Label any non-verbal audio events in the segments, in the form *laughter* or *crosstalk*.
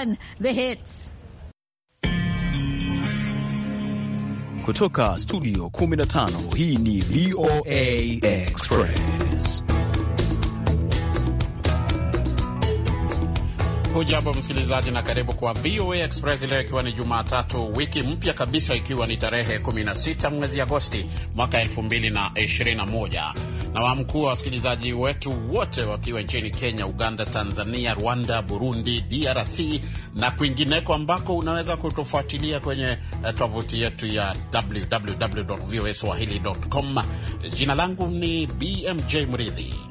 1 The Hits kutoka studio 15. Hii ni VOA Express. Hujambo msikilizaji, na karibu kwa VOA Express leo, ikiwa ni Jumatatu, wiki mpya kabisa, ikiwa ni tarehe 16 mwezi Agosti mwaka 2021 na wamkuu wa wasikilizaji wetu wote wakiwa nchini Kenya, Uganda, Tanzania, Rwanda, Burundi, DRC na kwingineko ambako unaweza kutufuatilia kwenye eh, tovuti yetu ya www voa swahili com. Jina langu ni BMJ Mridhi.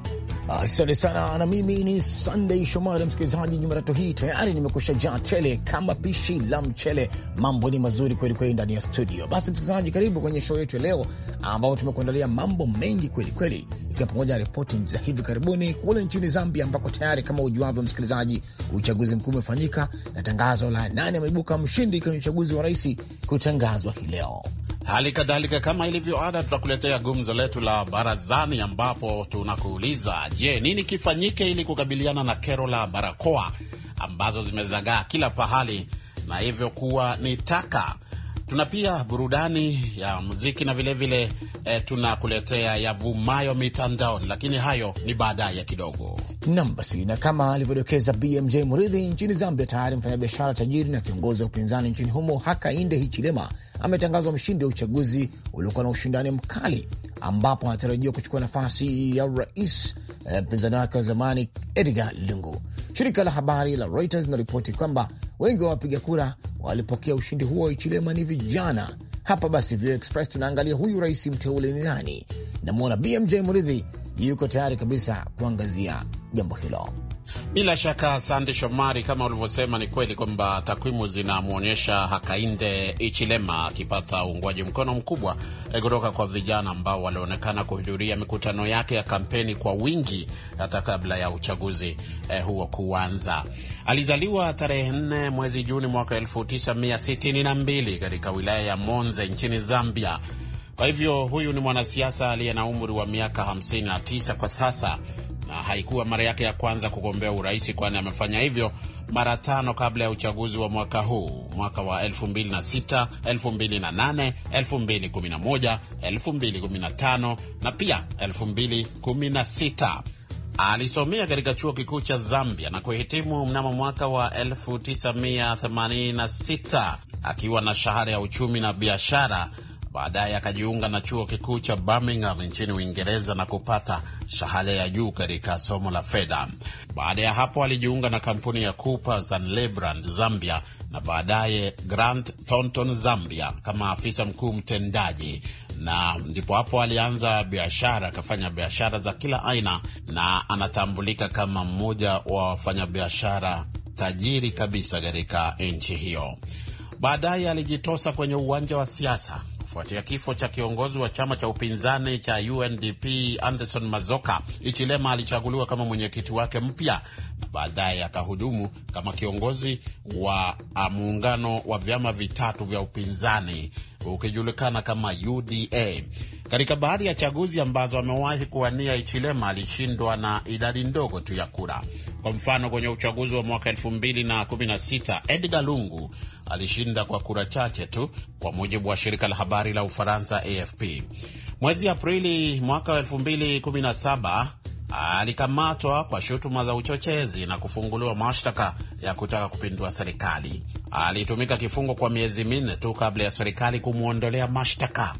Asante sana, na mimi ni Sunday Shomari. Msikilizaji, Jumatatu hii tayari nimekusha jaa tele kama pishi la mchele. Mambo ni mazuri kweli kweli ndani ya studio. Basi msikilizaji, karibu kwenye show yetu ya leo, ambapo tumekuandalia mambo mengi kweli kweli, ikiwa pamoja na ripoti za hivi karibuni kule nchini Zambia, ambako tayari kama ujuavyo msikilizaji, uchaguzi mkuu umefanyika na tangazo la nani ameibuka mshindi kwenye uchaguzi wa rais kutangazwa hii leo. Hali kadhalika kama ilivyo ada, tutakuletea gumzo letu la barazani, ambapo tunakuuliza je, nini kifanyike ili kukabiliana na kero la barakoa ambazo zimezagaa kila pahali na hivyo kuwa ni taka. Tuna pia burudani ya muziki na vilevile vile, eh, tunakuletea yavumayo mitandaoni, lakini hayo ni baadaye kidogo. Nam basi, na kama alivyodokeza BMJ Muridhi, nchini Zambia tayari mfanyabiashara tajiri na kiongozi wa upinzani nchini humo Hakainde Hichilema ametangazwa mshindi wa uchaguzi uliokuwa na ushindani mkali, ambapo anatarajiwa kuchukua nafasi ya rais mpinzani eh, wake wa zamani Edgar Lungu. Shirika la habari la Reuters linaripoti kwamba wengi wa wapiga kura walipokea ushindi huo wa Hichilema ni vijana. Hapa basi Vio Express tunaangalia huyu rais mteule ni nani. Namwona BMJ Muridhi yuko tayari kabisa kuangazia jambo hilo. Bila shaka asante Shomari, kama ulivyosema, ni kweli kwamba takwimu zinamwonyesha Hakainde Ichilema akipata uungwaji mkono mkubwa eh, kutoka kwa vijana ambao walionekana kuhudhuria mikutano yake ya kampeni kwa wingi hata kabla ya uchaguzi eh, huo kuanza. Alizaliwa tarehe 4 mwezi Juni mwaka 1962 katika wilaya ya Monze nchini Zambia. Kwa hivyo huyu ni mwanasiasa aliye na umri wa miaka 59 kwa sasa na haikuwa mara yake ya kwanza kugombea urais, kwani amefanya hivyo mara tano kabla ya uchaguzi wa mwaka huu, mwaka wa 2006, 2008, 2011, 2015 na pia 2016. Alisomea katika chuo kikuu cha Zambia na kuhitimu mnamo mwaka wa 1986 akiwa na shahada ya uchumi na biashara Baadaye akajiunga na chuo kikuu cha Birmingham nchini Uingereza na kupata shahada ya juu katika somo la fedha. Baada ya hapo, alijiunga na kampuni ya Coopers and Lebrand Zambia na baadaye Grant Thornton Zambia kama afisa mkuu mtendaji, na ndipo hapo alianza biashara, akafanya biashara za kila aina, na anatambulika kama mmoja wa wafanyabiashara tajiri kabisa katika nchi hiyo. Baadaye alijitosa kwenye uwanja wa siasa kufuatia kifo cha kiongozi wa chama cha upinzani cha UNDP Anderson Mazoka. Ichilema alichaguliwa kama mwenyekiti wake mpya na baadaye akahudumu kama kiongozi wa ah, muungano wa vyama vitatu vya upinzani ukijulikana kama UDA. Katika baadhi ya chaguzi ambazo amewahi kuwania, Ichilema alishindwa na idadi ndogo tu ya kura. Kwa mfano, kwenye uchaguzi wa mwaka 216 Edgar Lungu alishinda kwa kura chache tu, kwa mujibu wa shirika la habari la Ufaransa AFP. Mwezi Aprili mwaka 2017 alikamatwa kwa shutuma za uchochezi na kufunguliwa mashtaka ya kutaka kupindua serikali. Alitumika kifungo kwa miezi minne tu kabla ya serikali kumwondolea mashtaka.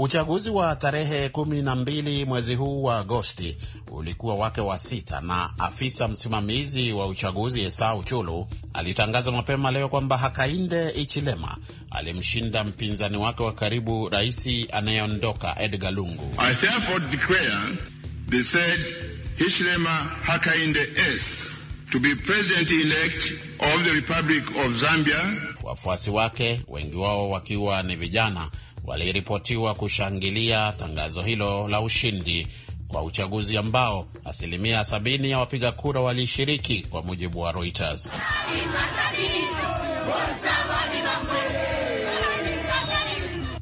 Uchaguzi wa tarehe kumi na mbili mwezi huu wa Agosti ulikuwa wake wa sita, na afisa msimamizi wa uchaguzi Esau Chulu alitangaza mapema leo kwamba Hakainde Ichilema alimshinda mpinzani wake wa karibu, rais anayeondoka Edgar Lungu. Wafuasi wake wengi wao wakiwa ni vijana waliripotiwa kushangilia tangazo hilo la ushindi kwa uchaguzi ambao asilimia 70 ya wapiga kura walishiriki kwa mujibu wa Reuters.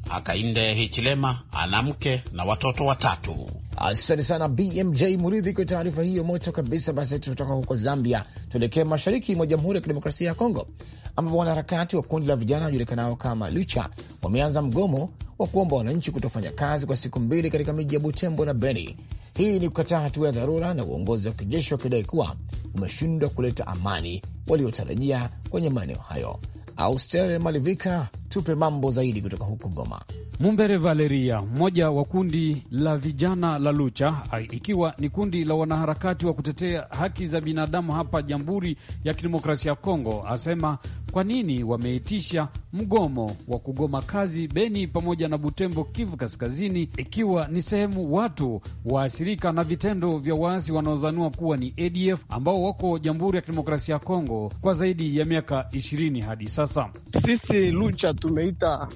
Hakainde Hichilema ana mke na watoto watatu. Asante sana BMJ Muridhi kwa taarifa hiyo moto kabisa. Basi tunatoka huko Zambia, tuelekee mashariki mwa Jamhuri ya Kidemokrasia ya Kongo, ambapo wanaharakati wa kundi la vijana wajulikanao kama Lucha wameanza mgomo wa kuomba wananchi kutofanya kazi kwa siku mbili katika miji ya Butembo na Beni. Hii ni kukataa hatua ya dharura na uongozi wa kijeshi wakidai kuwa umeshindwa kuleta amani waliotarajia kwenye maeneo hayo. Austere Malivika, tupe mambo zaidi kutoka huko Goma. Mumbere Valeria, mmoja wa kundi la vijana la Lucha, ikiwa ni kundi la wanaharakati wa kutetea haki za binadamu hapa Jamhuri ya Kidemokrasia ya Kongo, asema kwa nini wameitisha mgomo wa kugoma kazi Beni pamoja na Butembo, Kivu Kaskazini, ikiwa ni sehemu watu waathirika na vitendo vya waasi wanaozaniwa kuwa ni ADF ambao wako Jamhuri ya Kidemokrasia ya Kongo kwa zaidi ya miaka ishirini hadi sasa. Sisi Lucha tumeita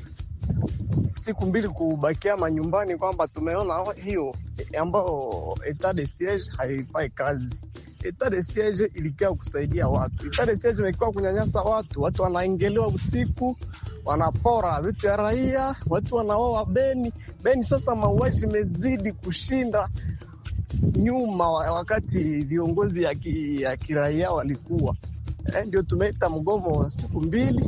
siku mbili kubakia manyumbani, kwamba tumeona hiyo ambayo etat de siege haifai kazi etade de siege ilikuwa kusaidia watu. etade de siege imekuwa kunyanyasa watu, watu wanaengelewa usiku, wanapora vitu ya raia, watu wanaoa Beni. Beni sasa mauaji imezidi kushinda nyuma, wakati viongozi ya, ki, kiraia walikuwa eh, ndio tumeita mgomo wa siku mbili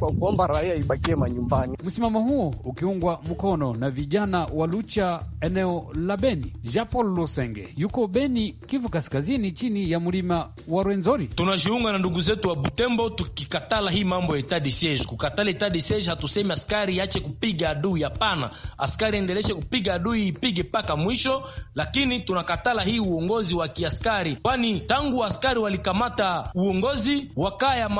kwa kuomba raia ibakie manyumbani. Msimamo huo ukiungwa mkono na vijana wa Lucha eneo la Beni. Jean Paul Losenge yuko Beni, Kivu Kaskazini, chini ya mlima wa Rwenzori. Tunajiunga na ndugu zetu wa Butembo tukikatala hii mambo ya etat de siege. Kukatala etat de siege hatusemi askari ache kupiga adui, hapana. Askari endeleshe kupiga adui, ipige mpaka mwisho, lakini tunakatala hii uongozi wa kiaskari, kwani tangu askari walikamata uongozi wakaa ya,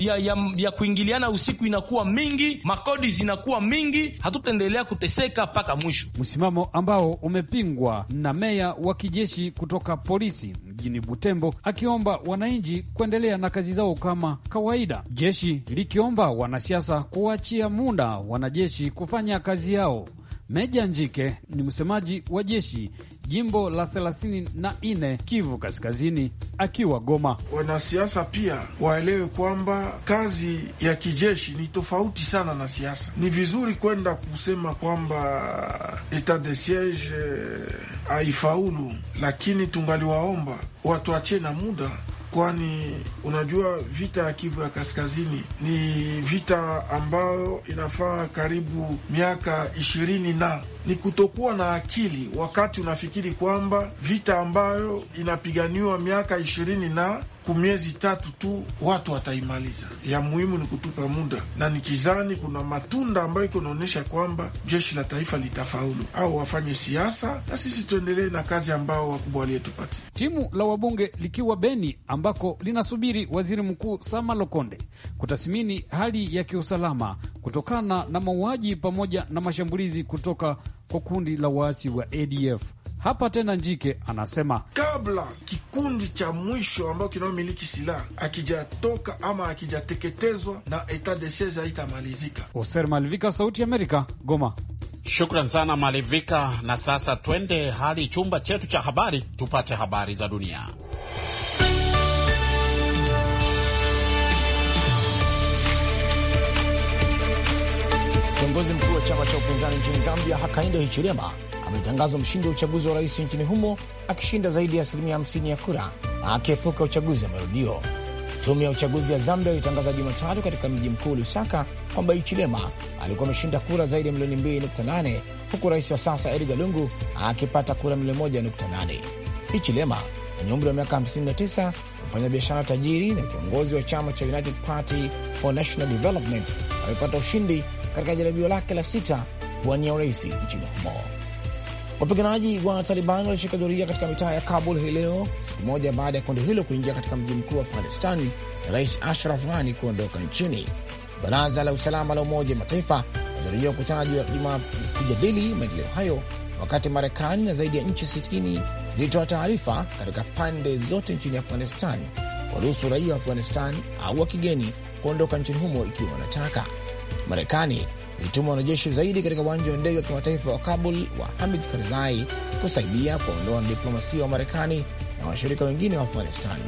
ya, ya, ya kuingiliana usiku inakuwa mingi, makodi zinakuwa mingi, hatutaendelea kuteseka mpaka mwisho. Msimamo ambao umepingwa na meya wa kijeshi kutoka polisi mjini Butembo, akiomba wananchi kuendelea na kazi zao kama kawaida, jeshi likiomba wanasiasa kuachia muda wanajeshi kufanya kazi yao. Meja Njike ni msemaji wa jeshi jimbo la 34 Kivu Kaskazini, akiwa Goma. Wanasiasa pia waelewe kwamba kazi ya kijeshi ni tofauti sana na siasa. Ni vizuri kwenda kusema kwamba etat de siege eh, haifaulu, lakini tungaliwaomba watuachie na muda kwani unajua vita ya Kivu ya Kaskazini ni vita ambayo inafaa karibu miaka ishirini na ni kutokuwa na akili wakati unafikiri kwamba vita ambayo inapiganiwa miaka ishirini na kumiezi tatu tu watu wataimaliza. Ya muhimu ni kutupa muda, na nikizani kuna matunda ambayo iko naonyesha kwamba jeshi la taifa litafaulu, au wafanye siasa na sisi tuendelee na kazi ambao wakubwa waliyetupatia. Timu la wabunge likiwa Beni ambako linasubiri waziri mkuu Sama Lokonde kutathmini hali ya kiusalama kutokana na mauaji pamoja na mashambulizi kutoka kwa kundi la waasi wa ADF. Hapa tena Njike anasema kabla kikundi cha mwisho ambayo kinayomiliki silaha akijatoka ama akijateketezwa na etat de siege haitamalizika. Oser Malivika, Sauti ya Amerika, Goma. Shukran sana Malivika, na sasa twende hadi chumba chetu cha habari tupate habari za dunia. Kiongozi mkuu wa chama cha upinzani nchini Zambia, Hakainde Hichilema, ametangazwa mshindi wa uchaguzi wa rais nchini humo akishinda zaidi ya asilimia 50 ya kura na akiepuka uchaguzi wa marudio. Tume ya uchaguzi ya Zambia ilitangaza Jumatatu katika mji mkuu Lusaka kwamba Hichilema alikuwa ameshinda kura zaidi ya milioni 2.8 huku rais wa sasa Edgar Lungu akipata kura milioni 1.8. Hichilema mwenye umri wa miaka 59, mfanyabiashara tajiri na kiongozi wa chama cha United Party for National Development amepata ushindi katika jaribio lake la sita kuwania urais nchini humo. Wapiganaji wa Taliban walishika doria katika mitaa ya Kabul hii leo, siku moja baada ya kundi hilo kuingia katika mji mkuu wa Afghanistani na Rais Ashraf Ghani kuondoka nchini. Baraza la usalama la Umoja wa Mataifa wanatarajiwa kukutana kujadili maendeleo hayo, wakati Marekani na zaidi ya nchi 60 zilitoa taarifa katika pande zote nchini Afghanistan kuruhusu raia wa Afghanistan au wa kigeni kuondoka nchini humo ikiwa wanataka. Marekani ilituma wanajeshi zaidi katika uwanja wa ndege wa kimataifa wa Kabul wa Hamid Karzai kusaidia kuondoa wanadiplomasia wa Marekani na washirika wengine wa Afghanistan.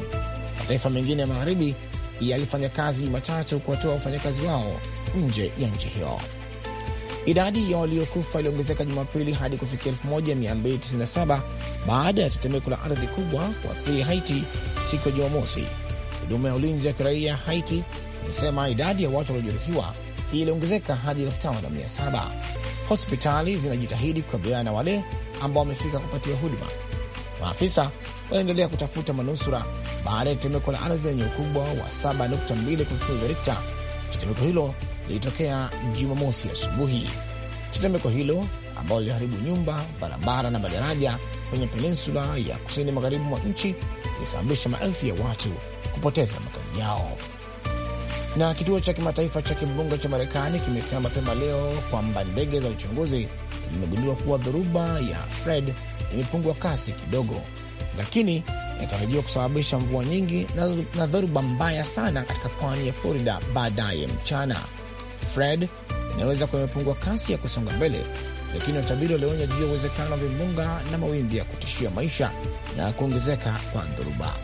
Mataifa mengine ya magharibi yalifanya kazi Jumatatu kuwatoa wafanyakazi wao nje ya nchi hiyo. Idadi ya waliokufa iliongezeka Jumapili hadi kufikia 1297 baada ya tetemeko la ardhi kubwa kuathiri Haiti siku ya Jumamosi. Huduma ya ulinzi ya kiraia Haiti ilisema idadi ya watu waliojeruhiwa iliongezeka hadi elfu tano na mia saba. Hospitali zinajitahidi kukabiliana na wale ambao wamefika kupatiwa huduma. Maafisa wanaendelea kutafuta manusura baada ya tetemeko la ardhi lenye ukubwa wa 7.2 kwa kipimo cha Rikta. Tetemeko hilo lilitokea Jumamosi asubuhi. Tetemeko hilo ambalo liliharibu nyumba, barabara na madaraja kwenye peninsula ya kusini magharibi mwa nchi ilisababisha maelfu ya watu kupoteza makazi yao. Na kituo cha kimataifa cha kimbunga cha Marekani kimesema mapema leo kwamba ndege za uchunguzi zimegundua kuwa dhoruba ya Fred imepungua kasi kidogo, lakini inatarajiwa kusababisha mvua nyingi na, dhoruba mbaya sana katika pwani ya Florida baadaye mchana. Fred inaweza kuwa imepungua kasi ya kusonga mbele, lakini watabiri walionya juu ya uwezekano wa vimbunga na mawimbi ya kutishia maisha na kuongezeka kwa dhoruba.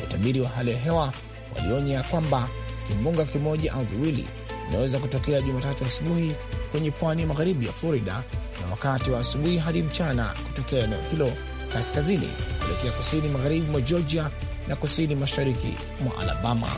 Watabiri wa hali ya hewa walionya kwamba kimbunga kimoja au viwili vinaweza kutokea Jumatatu asubuhi kwenye pwani ya magharibi ya Florida na wakati wa asubuhi hadi mchana kutokea eneo hilo kaskazini kuelekea kusini magharibi mwa Georgia na kusini mashariki mwa Alabama.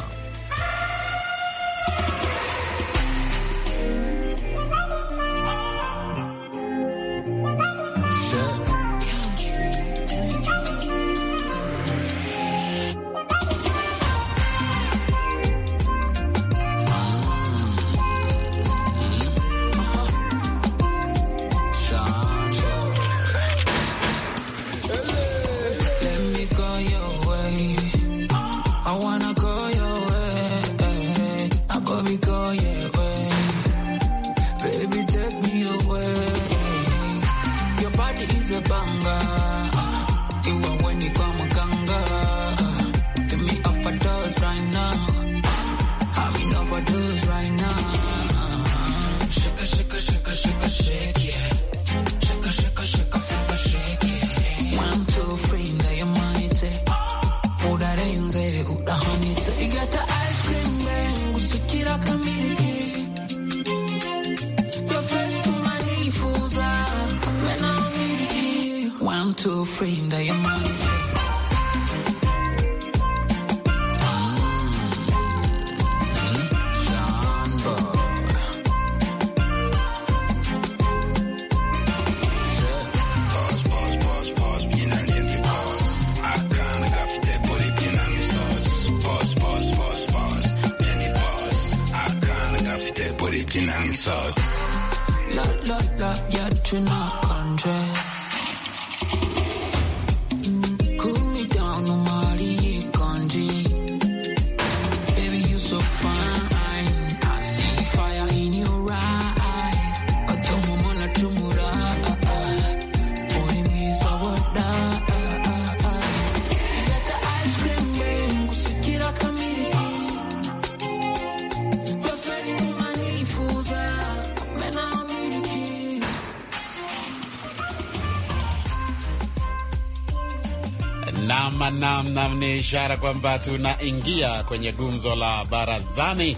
Naam, naam, ni ishara kwamba tunaingia kwenye gumzo la barazani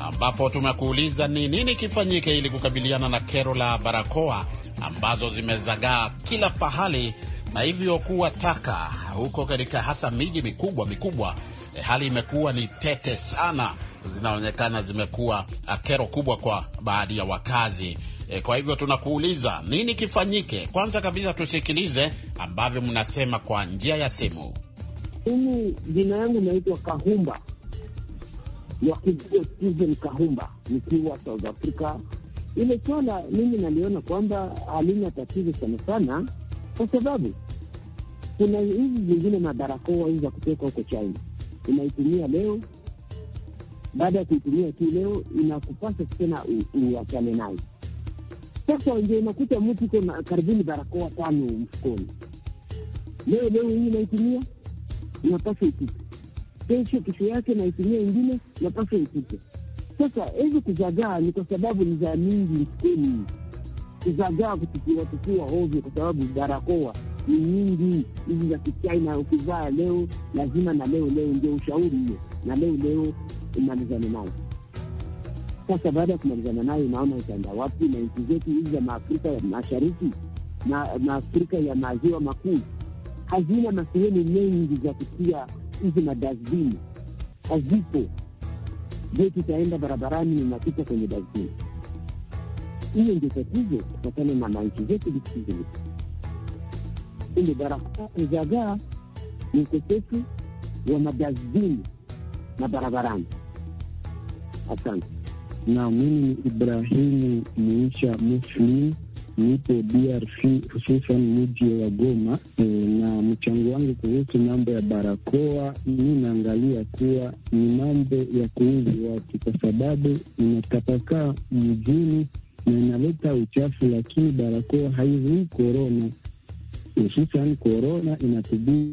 ambapo tumekuuliza ni nini kifanyike ili kukabiliana na kero la barakoa ambazo zimezagaa kila pahali na hivyo kuwa taka huko katika hasa miji mikubwa mikubwa. E, hali imekuwa ni tete sana, zinaonekana zimekuwa ah, kero kubwa kwa baadhi ya wakazi E, kwa hivyo tunakuuliza nini kifanyike? Kwanza kabisa tusikilize ambavyo mnasema kwa njia ya simu. Mimi jina yangu naitwa Kahumba Wakivio Steven Kahumba, nikiwa South Africa. Ile swala mimi naliona kwamba halina tatizo sana sana, kwa sababu kuna hizi zingine mabarakoa hizi za kutoka huko China, unaitumia leo, baada ya kuitumia tu leo inakupasa tena uachane nayo sasa ndio unakuta mtu iko na karibuni barakoa tano mfukoni. Leo leo hii naitumia, napasa ipite. Kesho kesho yake naitumia ingine, napaswa ipite. Sasa hizi kuzagaa ni kwa sababu ni za mingi mfukoni, kuzagaa kutukiwatukiwa ovyo, kwa sababu barakoa ni nyingi hizi za kichaina Ukivaa leo lazima na leo leo, ndio ushauri hiyo, na leo leo umalizane nayo sasa baada ya kumalizana nayo, naona itaenda wapi? Na nchi zetu hizi za maafrika ya mashariki na maafrika ya maziwa makuu hazina masehemu mengi za kutia hizi madasbini, hazipo. Je, tutaenda barabarani inapita kwenye dasbini? Hiyo ndio tatizo kutokana na manchi zetu vikizi ili barabara zagaa ni ukosefu wa madasbini na barabarani. Asante. Na mimi ni Ibrahimu Muisha Muslim, nipo DRC hususan mji wa Goma. E, na mchango wangu kuhusu mambo ya barakoa, mi naangalia kuwa ni mambo ya kuuzi watu, kwa sababu inatapakaa mjini na inaleta uchafu, lakini barakoa haizui korona. Hususan korona inatubii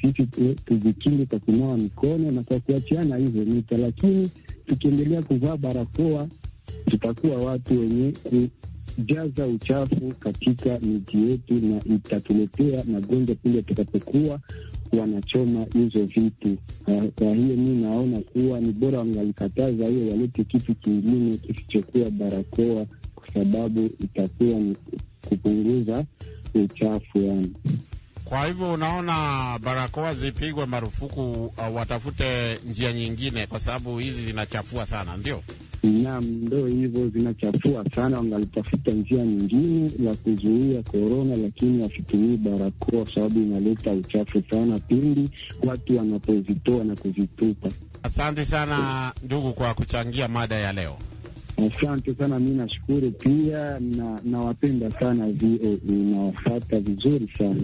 sisi tujikinge kwa kunawa mikono na kwa kuachiana hizo mita, lakini tukiendelea kuvaa barakoa, tutakuwa watu wenye kujaza uchafu katika miji yetu, na itatuletea magonjwa pindi tutakapokuwa wanachoma hizo vitu. Ah, kwa hiyo mi naona kuwa ni bora wangalikataza hiyo, walete kitu kingine kisichokuwa barakoa, kwa sababu itakuwa ni kupunguza uchafu yani. Kwa hivyo unaona, barakoa zipigwe marufuku, uh, watafute njia nyingine, kwa sababu hizi zinachafua sana, ndio nam ndo hivyo zinachafua sana. Wangalitafuta njia nyingine la kuzuia korona, lakini wasitumii barakoa kwa sababu inaleta uchafu sana pindi watu wanapozitoa na kuzitupa. Asante sana ndugu kwa kuchangia mada ya leo. Asante sana, mi nashukuru pia na sana VOA, inawafata e, vizuri sana.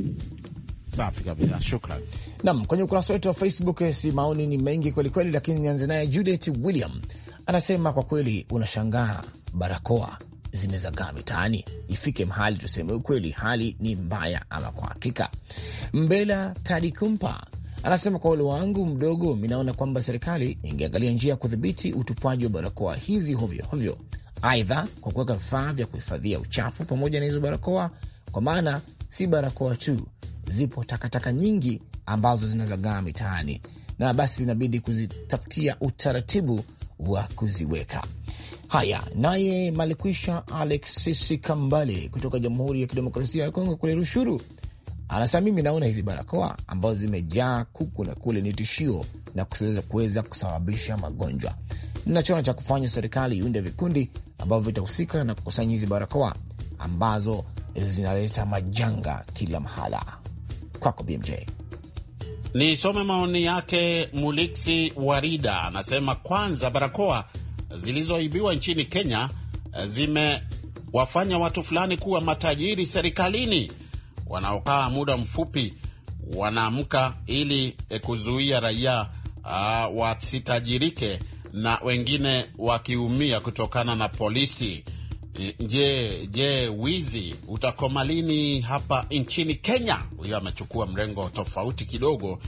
Safi kabisa, shukran. Nam, kwenye ukurasa wetu wa Facebook eh, si maoni ni mengi kwelikweli, lakini nianze naye Judith William anasema, kwa kweli unashangaa barakoa zimezagaa mitaani, ifike mahali tuseme ukweli, hali ni mbaya. Ama kwa hakika, Mbela Kadikumpa anasema kwa ule wangu mdogo, minaona kwamba serikali ingeangalia njia ya kudhibiti utupwaji wa barakoa hizi hovyo hovyo, aidha kwa kuweka vifaa vya kuhifadhia uchafu pamoja na hizo barakoa, kwa maana si barakoa tu zipo takataka taka nyingi ambazo zinazagaa mitaani, na basi zinabidi kuzitafutia utaratibu wa kuziweka. Haya, naye malikwisha Alexis Kambale kutoka Jamhuri ya Kidemokrasia ya Kongo kule Rushuru anasema mimi naona hizi barakoa ambazo zimejaa kuku na kule ni tishio na kuweza kusababisha magonjwa. Nachoona cha kufanya, serikali iunde vikundi ambavyo vitahusika na kukusanya hizi barakoa ambazo zinaleta majanga kila mahala. Kwako BMJ. Nisome maoni yake. Muliksi Warida anasema kwanza, barakoa zilizoibiwa nchini Kenya eh, zimewafanya watu fulani kuwa matajiri serikalini wanaokaa muda mfupi wanaamka ili eh, kuzuia raia uh, wasitajirike na wengine wakiumia kutokana na polisi. Je, je, wizi utakoma lini hapa nchini Kenya? Huyo amechukua mrengo tofauti kidogo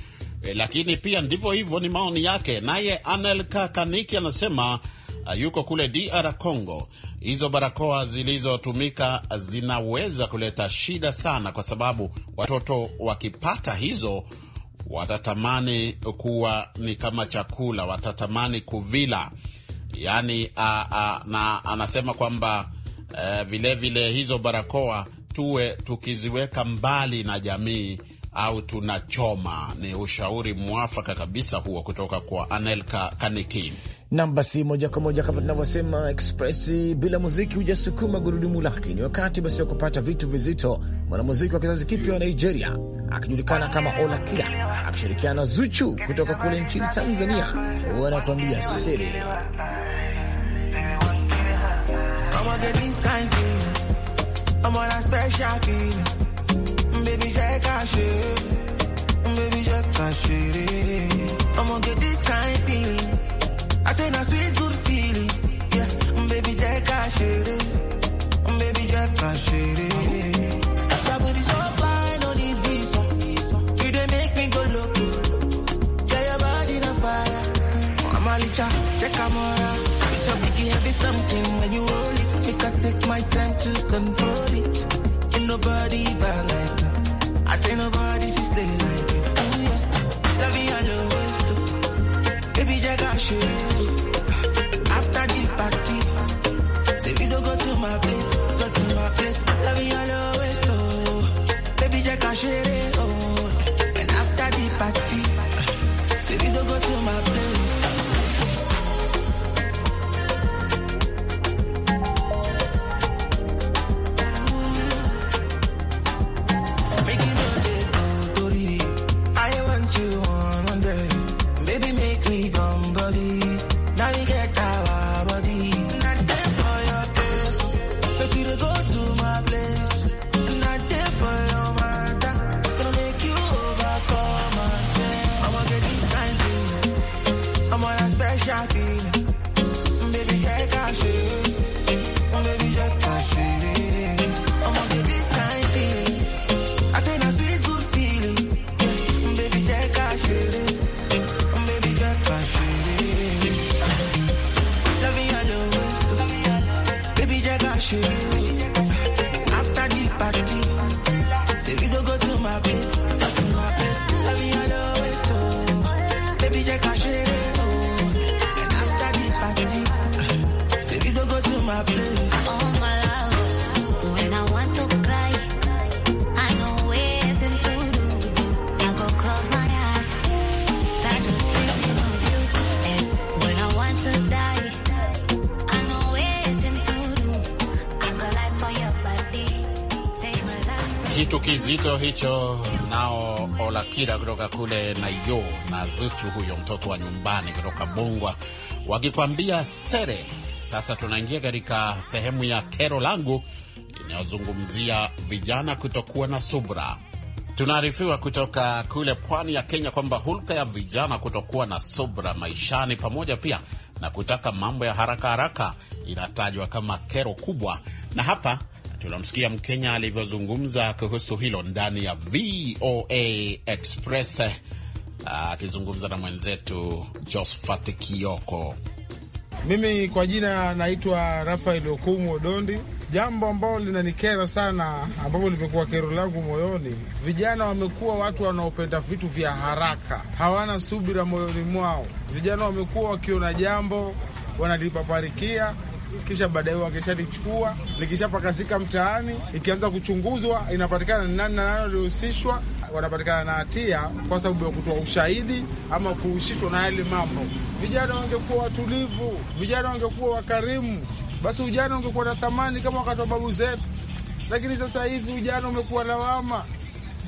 e, lakini pia ndivyo hivyo, ni maoni yake. Naye Anel Kakaniki anasema ah, yuko kule DR Congo, hizo barakoa zilizotumika zinaweza kuleta shida sana, kwa sababu watoto wakipata hizo watatamani kuwa ni kama chakula, watatamani kuvila. Yani a, a, na anasema kwamba uh, eh, vilevile hizo barakoa tuwe tukiziweka mbali na jamii au tunachoma. Ni ushauri mwafaka kabisa huo kutoka kwa Anelka Kaniki. Nam, basi moja kwa moja kama tunavyosema express, bila muziki hujasukuma gurudumu lake. Ni wakati basi wa kupata vitu vizito. Mwanamuziki wa kizazi kipya wa Nigeria akijulikana kama Olakira akishirikiana na Zuchu kutoka kule nchini Tanzania wanakuambia siri i am get this kind of feeling. I'm on a special feeling. Baby, check our shit. Baby, check our shit. i am get this kind of feeling. I say, now sweet, good feeling. Yeah, baby, check our shit. Baby, check our shit. take my time to control it. Ain't nobody bad like me. I say nobody feels like me. hicho nao Olakira kutoka kule Naio na Zuchu, huyo mtoto wa nyumbani kutoka Bongwa, wakikwambia sere. Sasa tunaingia katika sehemu ya kero langu inayozungumzia vijana kutokuwa na subra. Tunaarifiwa kutoka kule pwani ya Kenya kwamba hulka ya vijana kutokuwa na subra maishani pamoja pia na kutaka mambo ya haraka haraka inatajwa kama kero kubwa, na hapa Tunamsikia Mkenya alivyozungumza kuhusu hilo ndani ya VOA Express akizungumza na mwenzetu Josphat Kioko. Mimi kwa jina naitwa Rafael Okumu Odondi. Jambo ambalo linanikera sana, ambapo limekuwa kero langu moyoni, vijana wamekuwa watu wanaopenda vitu vya haraka, hawana subira moyoni mwao. Vijana wamekuwa wakiona jambo wanalipaparikia kisha baadaye wakishalichukua likishapakasika mtaani, ikianza kuchunguzwa, inapatikana ni nani na nani walihusishwa, wanapatikana na hatia kwa sababu ya kutoa ushahidi ama kuhusishwa na yale mambo. Vijana wangekuwa watulivu, vijana wangekuwa wakarimu, basi ujana ungekuwa na thamani kama wakati wa babu zetu. Lakini sasa hivi ujana umekuwa lawama.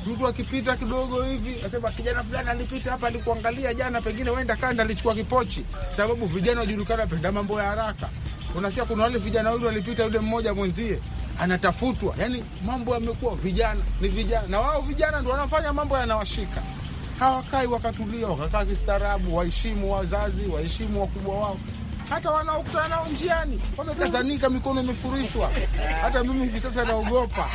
Mtu akipita kidogo hivi asema kijana fulani alipita hapa, alikuangalia jana, pengine wenda kanda alichukua kipochi, sababu vijana wajulikana penda mambo ya haraka unasikia kuna wale vijana wale walipita, yule mmoja mwenzie anatafutwa. Yani mambo yamekuwa vijana ni vijana, na wao vijana ndo wanafanya mambo yanawashika. Hawakai wakatulia, wakakaa kistaarabu, waheshimu wazazi, waheshimu wakubwa wao hata wanaokutana nao njiani wamekazanika, mikono imefurishwa. Hata mimi hivi sasa naogopa,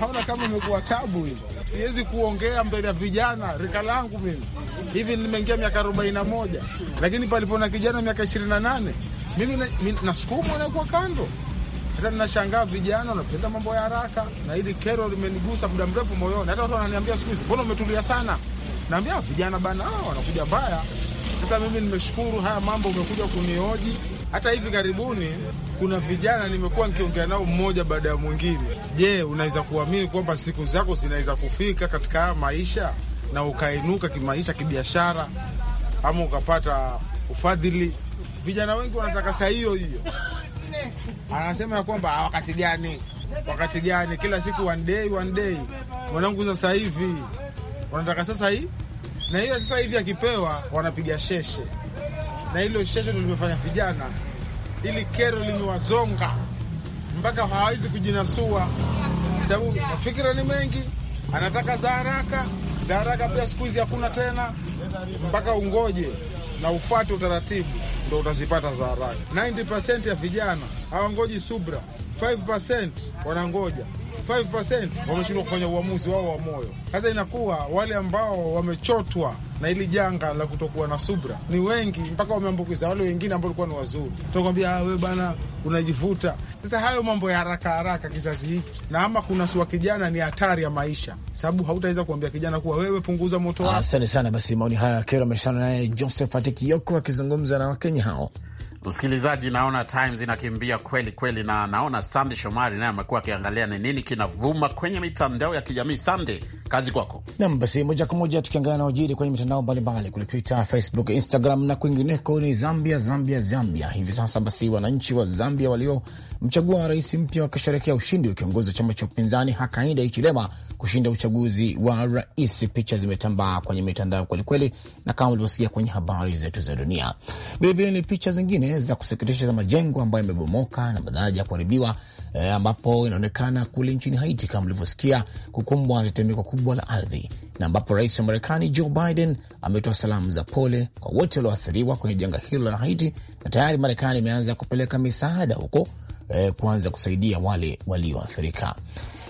naona kama imekuwa tabu hivo. siwezi kuongea mbele ya vijana rika langu. Mimi hivi nimeingia miaka arobaini na moja, lakini palipona kijana miaka ishirini na nane mimi na nasukumwa nakuwa kando. Hata ninashangaa vijana wanapenda mambo ya haraka, na hili kero limenigusa muda mrefu moyoni. Hata watu wananiambia siku hizi, mbona umetulia sana? Naambia vijana bana, hao wanakuja mbaya. Sasa mimi nimeshukuru haya mambo, umekuja kunioji. Hata hivi karibuni kuna vijana nimekuwa nikiongea nao mmoja baada ya mwingine. Je, unaweza kuamini kwamba siku zako zinaweza kufika katika haya maisha na ukainuka kimaisha, kibiashara? ama ukapata ufadhili. Vijana wengi wanataka saa hiyo hiyo, anasema ya kwamba ah, wakati gani, wakati gani, kila siku one day, one day. Mwanangu sasa hivi wanataka sasa hii na hiyo, sasa hivi akipewa wanapiga sheshe, na hilo sheshe limefanya vijana ili kero limewazonga mpaka hawawezi kujinasua, sababu mafikira ni mengi, anataka za haraka za haraka. Pia siku hizi hakuna tena mpaka ungoje na ufuate utaratibu ndo utazipata za haraka. 90% ya vijana hawangoji subra, 5% wanangoja 5% wameshindwa kufanya uamuzi wao wa moyo. Sasa inakuwa wale ambao wamechotwa na hili janga la kutokuwa na subra ni wengi, mpaka wameambukiza wale wengine ambao walikuwa ni wazuri. Tunakwambia ah, wewe bana, unajivuta. Sasa hayo mambo ya haraka haraka kizazi hiki, na ama kuna sua kijana ni hatari ya maisha, sababu hautaweza kuambia kijana kuwa wewe punguza moto wako. Asante sana. Basi maoni haya akero ameshana naye Josephat Kioko akizungumza na Wakenya hao. Msikilizaji, naona times inakimbia kweli kweli, na naona Sande Shomari naye amekuwa akiangalia ni nini kinavuma kwenye mitandao ya kijamii. Sande, kazi kwako. Nam, basi moja kwa moja tukiangalia na ujiri kwenye mitandao mbalimbali kule Twitter, Facebook, Instagram na kwingineko ni Zambia, Zambia, Zambia hivi sasa. Basi wananchi wa Zambia waliomchagua rais mpya wakisherekea ushindi wa kiongozi wa chama cha upinzani Hakainde Hichilema kushinda uchaguzi wa rais. Picha zimetambaa kwenye mitandao kwelikweli, na kama ulivyosikia kwenye habari zetu za dunia, vilevile ni picha zingine za kusikitisha za majengo ambayo yamebomoka na madaraja kuharibiwa e, ambapo inaonekana kule nchini Haiti kama mlivyosikia kukumbwa na tetemeko kubwa la ardhi, na ambapo rais wa Marekani Joe Biden ametoa salamu za pole kwa wote walioathiriwa kwenye janga hilo la Haiti, na tayari Marekani imeanza kupeleka misaada huko e, kuanza kusaidia wale walioathirika.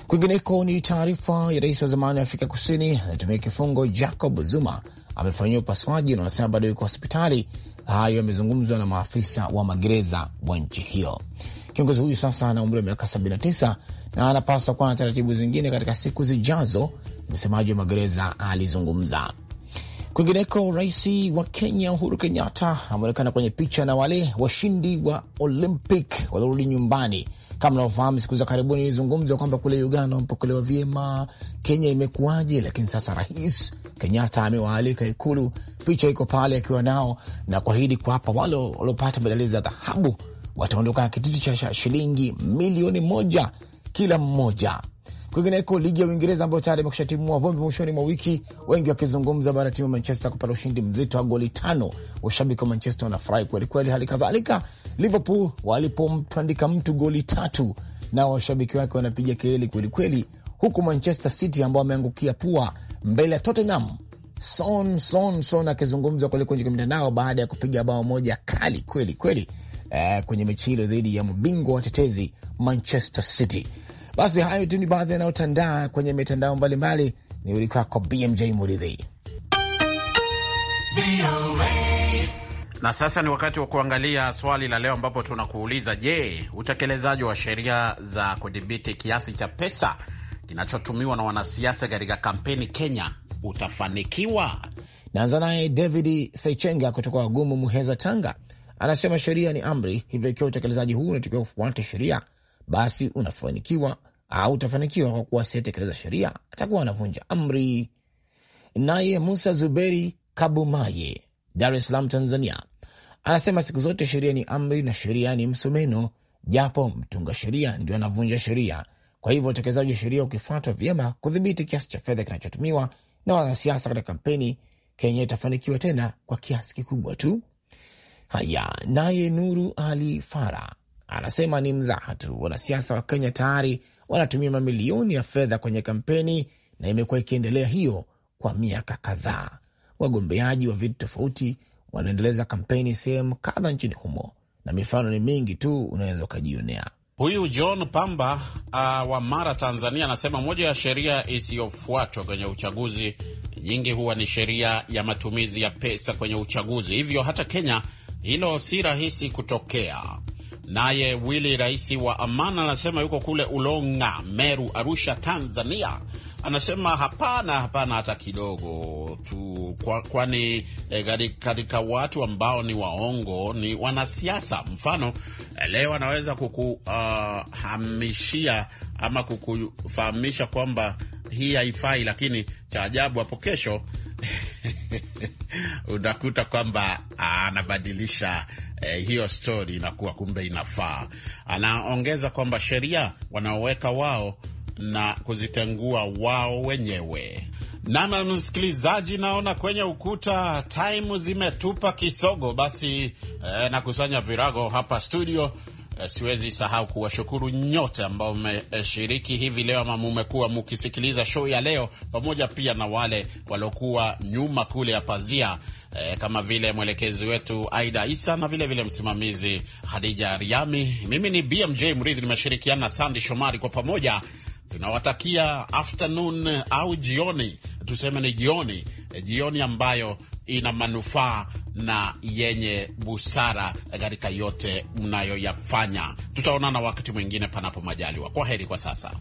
Kwingineko ni taarifa ya rais wa zamani wa Afrika Kusini anatumia kifungo Jacob Zuma amefanyiwa upasuaji na wanasema bado yuko hospitali. Hayo yamezungumzwa na maafisa wa magereza wa nchi hiyo. Kiongozi huyu sasa ana umri wa miaka 79 na anapaswa kuwa na taratibu zingine katika siku zijazo, msemaji wa magereza alizungumza. Kwingineko, rais wa Kenya Uhuru Kenyatta ameonekana kwenye picha na wale washindi wa Olympic waliorudi nyumbani. Kama unavyofahamu, siku za karibuni ilizungumzwa kwamba kule Uganda wamepokelewa vyema, Kenya imekuwaje? Lakini sasa Rais Kenyatta amewaalika Ikulu, picha iko pale akiwa nao na kuahidi kuwapa wale waliopata medali za dhahabu wataondoka na kititi cha shilingi milioni moja kila mmoja. Kwingineko, ligi ya Uingereza ambayo tayari imekusha timua vumbi mwishoni mwa wiki, wengi wakizungumza baada ya timu ya Manchester kupata ushindi mzito wa goli tano. Washabiki wa Manchester wanafurahi kwelikweli. Hali kadhalika Liverpool walipomtandika mtu goli tatu, na washabiki wake wanapiga kelele kwelikweli, huku Manchester City ambao wameangukia pua mbele ya Tottenham son son son akizungumza kule kwenye mitandao baada ya kupiga bao moja kali kweli kweli eh, kwenye mechi hilo dhidi ya mabingwa watetezi Manchester City. Basi hayo tu ni baadhi yanayotandaa kwenye mitandao mbalimbali. Ni ulikwako BMJ Muridhi. Na sasa ni wakati wa kuangalia swali la leo, ambapo tunakuuliza je, utekelezaji wa sheria za kudhibiti kiasi cha pesa kinachotumiwa na wanasiasa katika kampeni Kenya utafanikiwa? Naanza naye David Saichenga kutoka Wagumu, Muheza, Tanga. Anasema sheria ni amri, hivyo ikiwa utekelezaji huu unatakiwa kufuata sheria, basi unafanikiwa au utafanikiwa. Kwa kuwa asiyetekeleza sheria atakuwa anavunja amri. Naye Musa Zuberi Kabumaye, Dar es Salaam, Tanzania, anasema siku zote sheria ni amri na sheria ni msumeno, japo mtunga sheria ndio anavunja sheria. Kwa hivyo utekelezaji wa sheria ukifuatwa vyema, kudhibiti kiasi cha fedha kinachotumiwa na wanasiasa katika kampeni, Kenya itafanikiwa tena kwa kiasi kikubwa tu. Haya, naye Nuru Ali Fara anasema ni mzaha tu, wanasiasa wa Kenya tayari wanatumia mamilioni ya fedha kwenye kampeni na imekuwa ikiendelea hiyo kwa miaka kadhaa. Wagombeaji wa vitu tofauti wanaendeleza kampeni sehemu kadha nchini humo, na mifano ni mingi tu, unaweza ukajionea. Huyu John Pamba uh, wa Mara, Tanzania, anasema moja ya sheria isiyofuatwa kwenye uchaguzi nyingi huwa ni sheria ya matumizi ya pesa kwenye uchaguzi. Hivyo hata Kenya hilo si rahisi kutokea. Naye wili rais wa Amana anasema yuko kule Ulonga, Meru, Arusha, Tanzania. Anasema hapana, hapana hata kidogo tu, kwani kwa eh, e, katika watu ambao ni waongo ni wanasiasa. Mfano eh, leo anaweza kukuhamishia ah, uh, ama kukufahamisha kwamba hii haifai, lakini cha ajabu hapo kesho *laughs* unakuta kwamba ah, anabadilisha eh, hiyo stori inakuwa kumbe inafaa. Anaongeza kwamba sheria wanaoweka wao na kuzitengua wao wenyewe. Nam msikilizaji, naona kwenye ukuta taimu zimetupa kisogo. Basi eh, nakusanya virago hapa studio Eh, siwezi sahau kuwashukuru nyote ambao mmeshiriki hivi leo ama mumekuwa mukisikiliza show ya leo, pamoja pia na wale waliokuwa nyuma kule ya pazia e, kama vile mwelekezi wetu Aida Isa na vilevile vile msimamizi Hadija Riami. Mimi ni BMJ Mridhi, nimeshirikiana na Sandi Shomari. Kwa pamoja tunawatakia afternoon au jioni, tuseme ni jioni, eh, jioni ambayo ina manufaa na yenye busara katika yote mnayoyafanya. Tutaonana wakati mwingine, panapo majaliwa. Kwa heri kwa sasa.